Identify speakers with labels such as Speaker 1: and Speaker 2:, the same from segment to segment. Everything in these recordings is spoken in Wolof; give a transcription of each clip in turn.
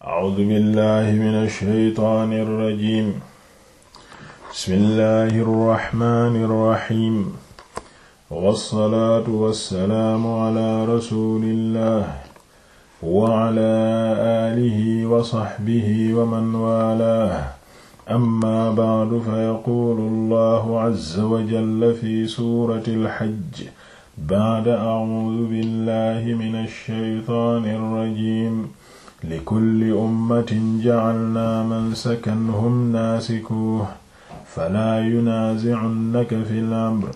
Speaker 1: A'uuzu billaahi mina shaytaani rajiim. Bismillaahi rahmaani rahiim. Wassalaatu wassalaamu alaa rasuulillaah wa alaa aalihi wa sahbihi wa man waalaah. Ammaa ba'du fayaquulu Allaahu azza wa jalla fi suuratil hajj ba'da a'uuzu billaahi mina shaytaani rajiim. li kulli ummatin jacalnaa mansakanhum naasikuuh falaa yunaazicunaka fi lamr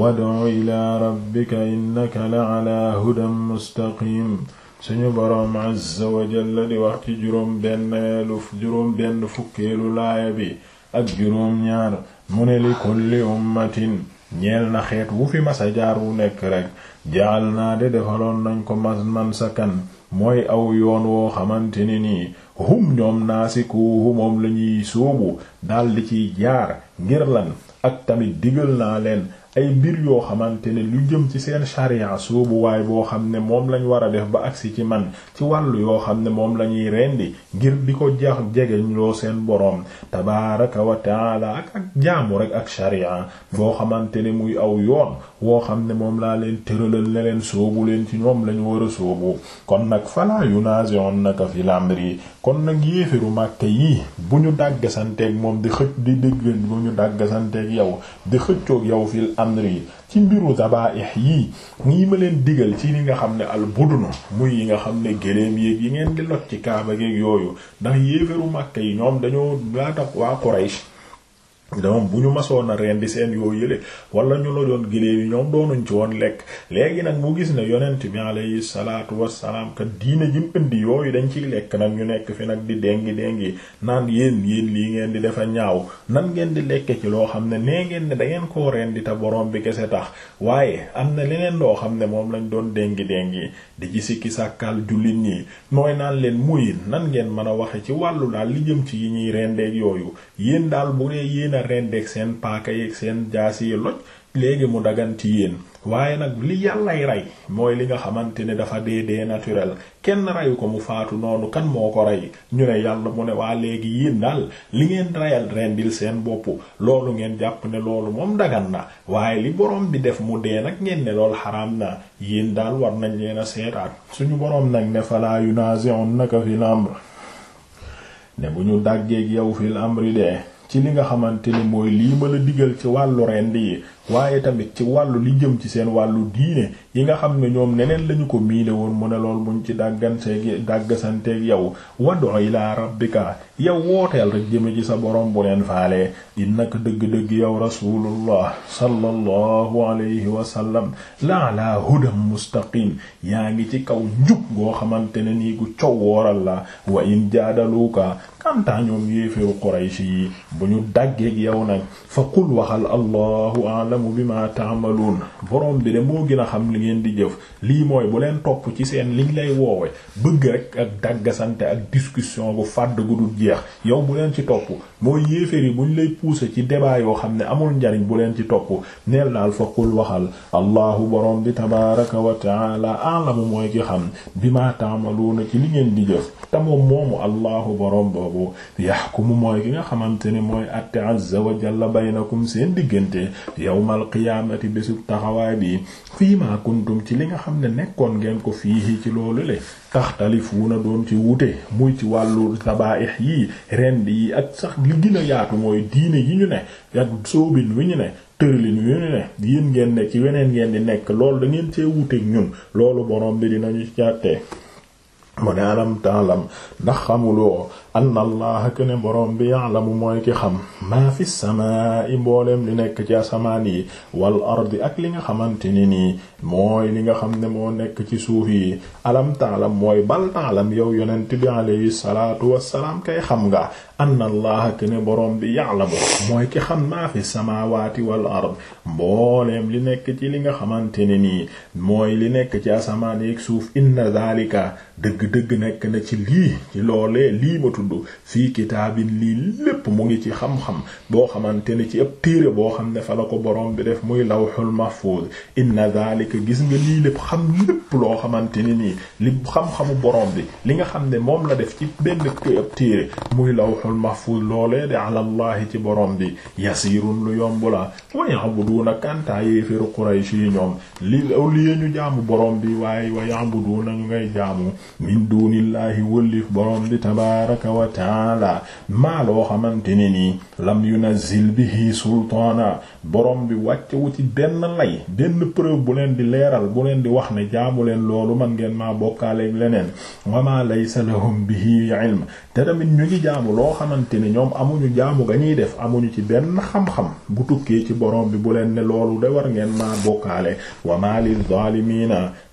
Speaker 1: wadu ilaa rabbika innaka la calaa hudan mustaqim suñu boroom azza wa jalla di wax ci juróom benneelu juróom benn fukkeelu laaya bi ak juróom ñaar mu ne li kulli ummatin ñeel na xeet wu fi masa jaar wu nekk rekk jacal naa de defaloon nañ ko mas man sakan mooy aw yoon woo xamante ne nii hum ñoom naasikuhu moom la ñuy sóobu daldi ciy jaar ngir lan ak tamit digal naa leen ay mbir yoo xamante ne lu jëm ci seen charia soobu waay boo xam ne moom lañ war a def ba agsi ci man ci wàllu yoo xam ne moom la ñuy rendi ngir di ko jax jegeñ loo seen boroom tabaaraka wa taala ak ak jaamu rek ak charia boo xamante ne muy aw yoon woo xam ne moom laa leen tëralal ne leen soobu leen ci ñoom lañ war a soobu kon nag fala yunazi'unnaka fil amri kon nag yéefiru màkke yii bu ñu dàggasanteeg moom di xëcc di dégg bu ñu dàggasanteeg yow di xëccoog yow fil am na amri ci mbiru zabaih yii ñii ma leen digal ci li nga xam ne al budunu muy yi nga xam ne géléem yéeg yi ngeen di lot ci kaaba geeg yooyu ndax yéefaru Makka yi ñoom dañoo laata waa Quraysh ñoom bu ñu masoon a rendi seen yoo yële wala ñu la doon gëléem yi ñoom doonuñ ci woon lekk léegi nag mu gis ne yonent bi alayhi salaatu wassalaam ka diine jim indi yooyu dañ ciy lekk nag ñu nekk fi nag di dengi dengi naan yéen yéen lii ngeen di defa ñaaw nan ngeen di lekke ci loo xam ne nee ngeen ne da ngeen koo rendi boroom bi kese tax waaye am na leneen loo xam ne moom lañ doon dengi dengi di ci sikki sàkkaal jullit ñi mooy naan leen muy nan ngeen mën a waxe ci wàllu daal li jëm ci yi ñuy rendeeg yooyu a rendeeg seen paaka yeeg seen jaasi yi loj léegi mu dagan ci yéen waaye nag li yàllay rey mooy li nga xamante ne dafa dee dee naturel kenn reyu ko mu faatu noonu kan moo ko rey ñu ne yàlla mu ne waa léegi yéen daal li ngeen reyal rendil seen bopp loolu ngeen jàpp ne loolu moom dagan na waaye li borom bi def mu dee nag ngeen ne loolu xaraam na yéen daal war nañ leen a seetaat suñu boroom nag ne falaa yunazi'unaka fil amr ne bu ñu dàggeeg ci li nga xamante ni mooy lii ma la digal ci wàllu rend yi waaye tamit ci wàllu li jëm ci seen wàllu diine yi nga xam ne ñoom neneen lañu ko miile woon mu ne lool buñ ci dàgganseeg dàggasanteeg yow wadu ilaa rabbika yow wooteel rek jëme ci sa borom bu leen faale innaka dëgg-dëgg yow rasulullah sallallahu alayhi wa sallam la ala hudan mustaqim yaa ngi ci kaw njub goo xamante ne nii gu cow wooral la wa in jaadaluuka kantaa ñoom yéeféew qurayshi yi bu ñu dàggeeg yow nag fa qul waxal allahu a'lam a'lamu bima ta'malun borom bi de moo gën a xam li ngeen di jëf lii mooy bu leen topp ci seen liñ lay woowe bëgg rek ak daggasante ak discussion bu fàdd gu dul jeex yow bu leen ci topp mooy yéeféer yi buñ lay pousser ci débat yoo xam ne amul njariñ bu leen ci topp neel daal fa qul waxal allahu borom bi tabaraka wa taala a'lamu mooy ki xam bima ta'maluna ci li ngeen di jëf te moom moomu allahu borom boobu yahkumu mooy ki nga xamante ne mooy atte azza wa jalla baynakum seen diggante yow yawmal qiyaamati bésub taxawaay bi fii maa kuntum ci li nga xam ne nekkoon ngeen ko fii ci loolu le taxtalifuuna doon ci wute muy ci wàllu sabaa'ih yi rend yi ak sax li gën a yaatu mooy diine yi ñu ne ak soobin wi ñu ne tëralin wi ñu ne yéen ngeen ne ci weneen ngeen di nekk lool da ngeen cee wuteek ñun loolu borom bi dinañu jàtte mu ne alam ndax xamuloo anna allaha kene boroom bi ya'lamu mooy ki xam maa fi samaa'i mbooleem li nekk ci asamaan yi wal ardi ak li nga xamante ni nii mooy li nga xam ne moo nekk ci suuf yi alam taalam bal taalam yow yonent bi alayhi salaatu kay xam nga anna allaha kene boroom bi ya'lamu mooy ki xam maa fi samaawaati wal ard mbooleem li ci li nga xamante ne nii mooy li nekk ci asamaan ak suuf inna zaalika dëgg-dëgg nekk na ci lii ci loolee lii tudd fii kitaabin lii lépp mu ngi ci xam-xam boo xamante ne ci ab tiire boo xam ne fa la ko boroom bi def muy lawhul mahfuz inna zalika gis nga lii lépp xam loo xamante ne nii li xam-xamu borom bi li nga xam ne moom la def ci benn këy ab téere muy lawhul mahfuz loolee de ala llahi ci boroom bi yasirun lu yomb la wa ya'buduna kanta yéeféru Quraysh yi ñoom li awliya bi waaye wa ya'buduna ñu ngay jaamu min dunillahi wëllif borom bi tabaraka tabaraka wa taala maa loo xamante ne nii lam yu yunazzil bihi sultaana boroom bi wàccewu ci benn lay benn preuve bu leen di leeral bu leen di wax ne jaamu leen loolu man ngeen maa bokkaaleeg leneen wa ma laysa lahum bihi ilm te tamit ñu ngi jaamu loo xamante ne ñoom amuñu jaamu ga ñuy def amuñu ci benn xam-xam bu tukkee ci borom bi bu leen ne loolu de war ngeen maa bokkaale wa ma lil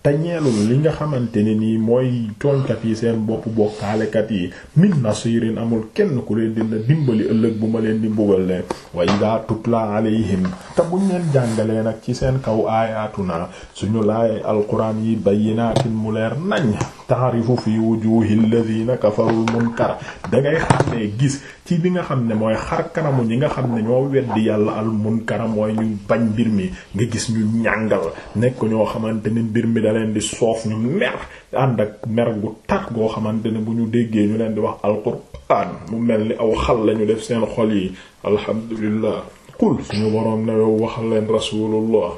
Speaker 1: te ñeelul li nga xamante ne nii mooy tooñkat yi seen bopp bokkaalekat yi min nasirin amul kenn ku leen dina dimbali ëllëg bu ma leen di mbugal leen wa ida tutla alayhim te buñ leen jàngalee nag ci seen kaw aayatuna suñu laay alquran yi bayyinatin mu leer nañ taarifu fi wujuhi alladhina kafarul munkar dangay xam ne gis ci li nga xam ne mooy xar kanamu ñi nga xam ne ñoo weddi yàlla al munkar mooy ñu bañ mbir mi nga gis ñu ñàngal nekk ñoo xamante n mbir mi dal leen di soof ñu mer ànd ak mer gu tat goo xamante ne bu ñu déggee ñu leen di wax alquraan mu mel ni aw xal lañu def seen xol yi alhamdulillah qul suñu boroom ne waxal leen rasulullah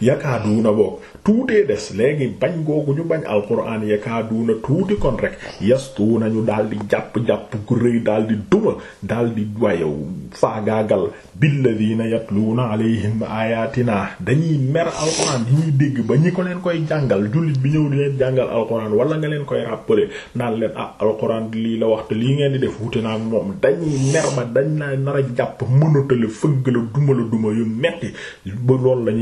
Speaker 1: na boog tuutee des léegi bañ googu ñu bañ alquran yakaaduuna tuuti kon rek yastu nañu daal di jàpp-jàpp gu rëy daal di duma daal di wayow faagaagal billadiina yatluuna alayhim ayatina dañuy mer alquran di ñuy dégg ba ñi ko leen koy jàngal jullit bi ñëw di leen jàngal alquran wala nga leen koy rappeler naan leen ah alquran lii la waxtu lii ngeen di def wuute naa moom dañuy mer ma dañ naa nar jàpp mënatale fëgg la duma la duma yu metti ba loolu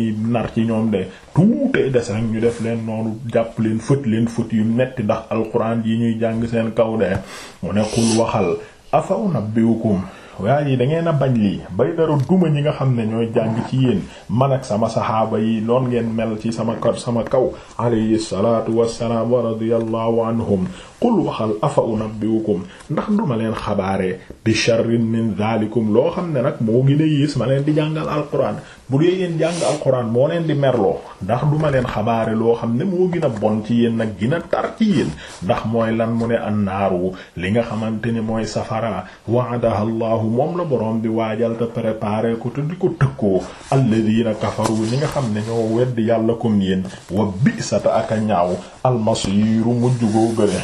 Speaker 1: ci ñoom de tuutee des rek ñu def leen noonu jàpp leen fët leen fët yu metti ndax alxuraan yi ñuy jàng seen kaw de mu ne xul waxal afaw nabbiwukum waaye da ngeen a bañ lii bay dara duma ñi nga xam ne ñooy jàng ci yéen man ak sama saxaaba yi lool ngeen mel ci sama kaw sama kaw alayhi salaatu wassalaam wa radiyallahu anhum qul waxal afa unabbiukum ndax duma leen xabaare bi sharrin min zalikum loo xam ne nag moo gën a yées ma leen di jàngal alquran bu dee yéen jàng alxuraan moo leen di merloo ndax duma leen xabaare loo xam ne moo gën a bon ci yéen nag gën tar ci yéen ndax mooy lan mu ne annaaru li nga xamante ni mooy safara wa'adaha allahu moom la boroom bi waajal te préparé ko te di ko tëkkoo alladina kafaru ñi nga xam ne ñoo weddi yàlla comme yéen wa bi'sata aka ñaaw almasiiru mujj goo gële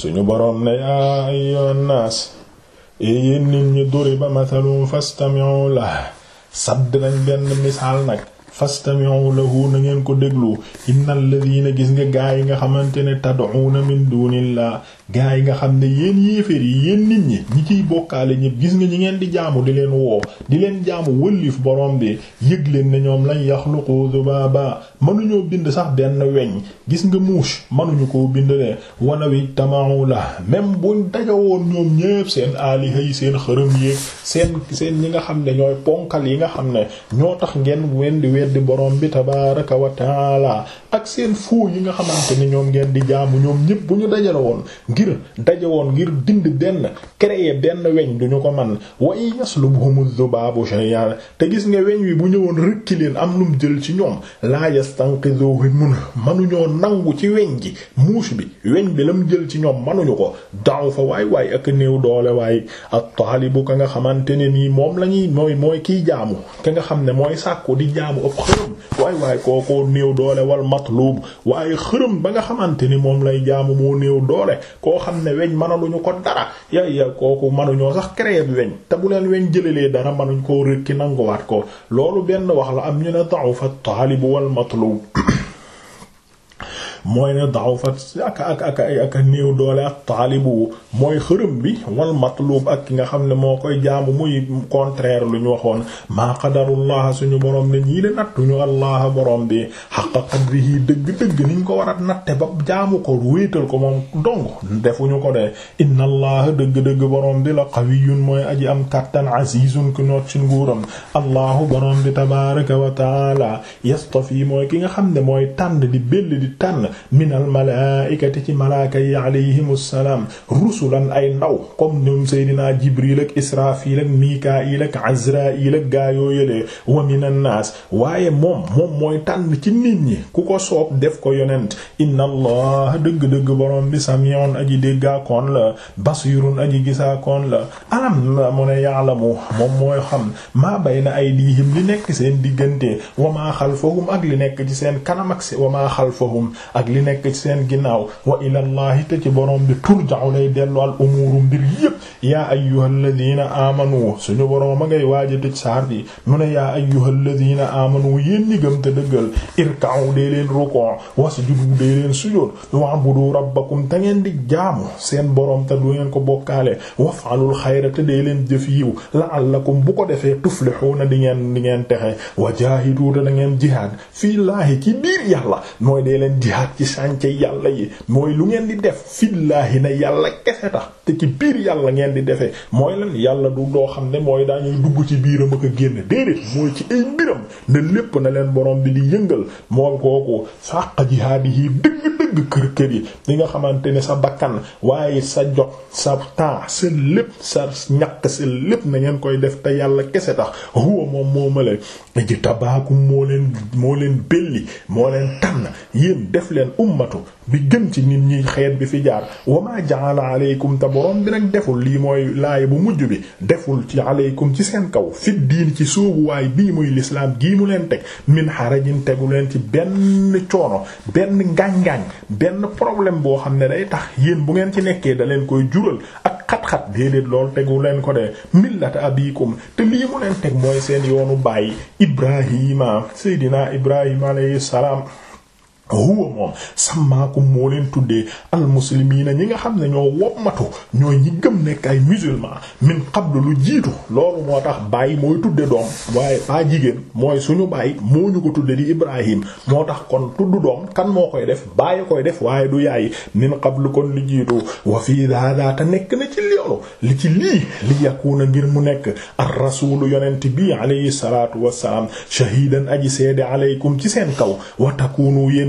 Speaker 1: suñu boroom ne yaa ayyuhan naas e nit ñi duriba mathalun fastami'u lahu sadd nañ benn misaal nag fastami'u lahu na ngeen ko déglu innal ladina gis nga gaa yi nga xamante ne tad'una min dunillah gaa yi nga xam ne yéen yéeféer yi yéen nit ñi ñi ciy bokkaale ñëpp gis nga ñi ngeen di jaamu di leen woo di leen jaamu wëllif borom bi yëg leen ne ñoom lañ yaxluqu zubaaba mënuñoo bind sax benn weñ gis nga mouche mënuñu ko bind de wala wi tamau la même buñ woon ñoom ñëpp seen aaliha yi seen xërëm yéeg seen seen ñi nga xam ne ñooy ponkal yi nga xam ne weddi borom bi tabaaraka wa taala ak seen foo yi nga xamante ni ñoom ngeen di jaamu ñëpp bu ñu dajale woon ngir daje woon ngir dind benn créer benn weñ duñu ko man wa yaslubhumu dhubaabu shay'an te gis nga weñ wi bu ñëwoon rëkki leen am lum jël ci ñoom laa yastanqidhuhu mun manuñoo nangu ci weñ gi muuche bi weñ bi lam jël ci ñoom manuñu ko daaw fa waay waay ak néew doole waay ak taalibu ka nga xamante ne nii moom lañuy mooy mooy kiy jaamu ka nga xam ne mooy sàkku di jaamu ak xërëm waay waay kookoo néew doole wal matlub waaye xërëm ba nga xamante ni moom lay jaamu moo néew doole koo xam ne weñ mënaluñu ko dara ya ya kooku mënuñoo sax créer weñ te bu leen weñ jëlalee dara mënuñ koo rëkki nanguwaat ko loolu benn wax la am ñu ne da'ufa at-talib wal matlub mooy ne dawfat ak ak ak ak néew doole ak taalibu mooy xërëm bi wal matlub ak ki nga xam ne moo koy jaamu muy contraire lu ñu waxoon maa qadarullah suñu borom ne ñii de nattuñu allah borom bi xaqa qadrihi dëgg-dëgg niñ ko war a natte ba jaamu ko wéetal ko moom dong defuñu ko de inna allah dëgg-dëgg borom bi la qawiyyun mooy aji am kattan azizun ku noot ci nguuram allahu borom bi tabaraka wa taala yastafi mooy ki nga xam ne mooy tànn di bell di tànn minal malaa'ikati ci malaaka yi alayhimu rusulan ay ndaw comme ñoom Seydina Jibril ak Israafil ak Mikaayil ak Azraayil ak gaa yoo yëlee wa minan naas waaye moom moom mooy tànn ci nit ñi ku ko soob def ko yonent inna allah dëgg-dëgg borom bi sami'un aji déggaakoon la basirun aji gisaakoon la alam mu ne ya'lamu moom mooy xam maa bayna aydihim li nekk seen diggante wa maa xalfahum ak li nekk ci seen kanam ak wa maa xalfahum ak li nekk ci seen ginnaaw wa ilallahi te ci borom bi turja'u lay dellu al umuuru mbir yépp yaa ayyuhalladhina amanu suñu borom a ngay waaja tëj saar bi mu ne yaa ayyuhalladhina amanu yéen ñi gëm te dëggal irka'u dee leen ruku' wasjudu dee leen sujud wa'budu rabbakum te ngeen di jaamu seen borom te du ngeen ko bokkaale waf'alul xayra te dee leen jëf yiw la'allakum bu ko defee tuflihuna di ngeen di ngeen texe wajahidu da ngeen jihaad fillahi ci biir yàlla mooy dee leen jihaad ci sànce yàlla yi mooy lu ngeen di def fillaahi na yàlla kese tax te ci biir yàlla ngeen di defee mooy lan yàlla du doo xam ne mooy daañuy dugg ci biiram ak a génn déedéet mooy ci ay mbiram ne lépp na leen borom bi di yëngal moom kooku sàq jihaadi yi dëgg dëgg kër-kër yi li nga xamante ne sa bakkan waaye sa jot sa temps sa lépp sa ñàkk sa lépp na ngeen koy def te yàlla kese tax huwa moom moo male ji tabaakum moo leen moo leen belli moo leen tànn yéen def leen ummatu bi gën ci nit ñi xeet bi fi jaar wama ja'ala deful lii mooy laay bu mujj bi deful ci aleykum ci seen kaw fit diin ci soobuwaay bii muy lislaam gii mu leen teg min harajin tegu leen ci benn coono benn ngaañ-ngaañ benn problème boo xam ne day tax yéen bu ngeen ci nekkee da leen koy jural ak xat-xat déedéet lool tegu leen ko de millata abikum te lii mu leen teg mooy seen yoonu bàyyi ibrahima seydina ibrahima alayhi salaam huwa moom sàmmaakum moo leen tuddee almuslimiina ñi nga xam ne ñoo wommatu ñooy ñi gëm nekk ay musulman min qablu lu jiitu loolu moo tax bàyyi mooy tudde doom waaye pas jigéen mooy suñu baay moo ñu ko tudde di Ibrahim moo tax kon tudd doom kan moo koy def bàyyi koy def waaye du yaay min qablu kon lu jiitu wa fii hada te nekk na ci loolu li ci lii li yakuna ngir mu nekk ar rasulu yonent bi alayhi salaatu wassalaam shahidan aji seede alaykum ci seen kaw wa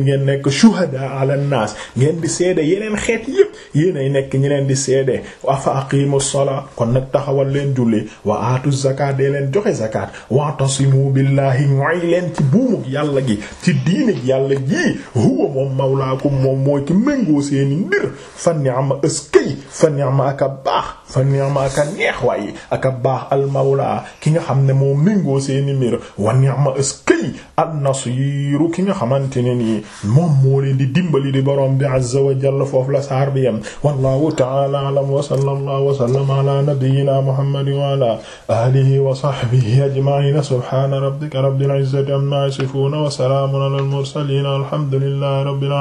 Speaker 1: ngeen nekk shuhada ala naas ngeen di seede yeneen xeet yépp yéenay nekk ñi leen di seede afa aqimu sola kon nag taxawal leen julli wa aatu zakat dee leen joxe zakat wa'tasimu billahi mooy leen ci buumug yàlla gi ci diinig yàlla gi huwa moom mawlaakum moom mooy ki méngoo seeni mbir fa ni'ma ëskay aka baax fa ni'ma aka neex waaye aka baax al mawla ki nga xam ne moo méngoo seeni mbir wa ni'ma ëskay an nasiiru ki nga xamante nii moom moo leen di dimbali di borom bi azza wa jalla foofu la saar bi yam wallahu ta'ala a'lam wa sallallahu wa sallama ala nabiyyina muhammadin wa ala alihi wa sahbihi ajma'in subhana rabbika rabbil izzati amma yasifun wa salamun alal mursalin alhamdulillahi rabbil alamin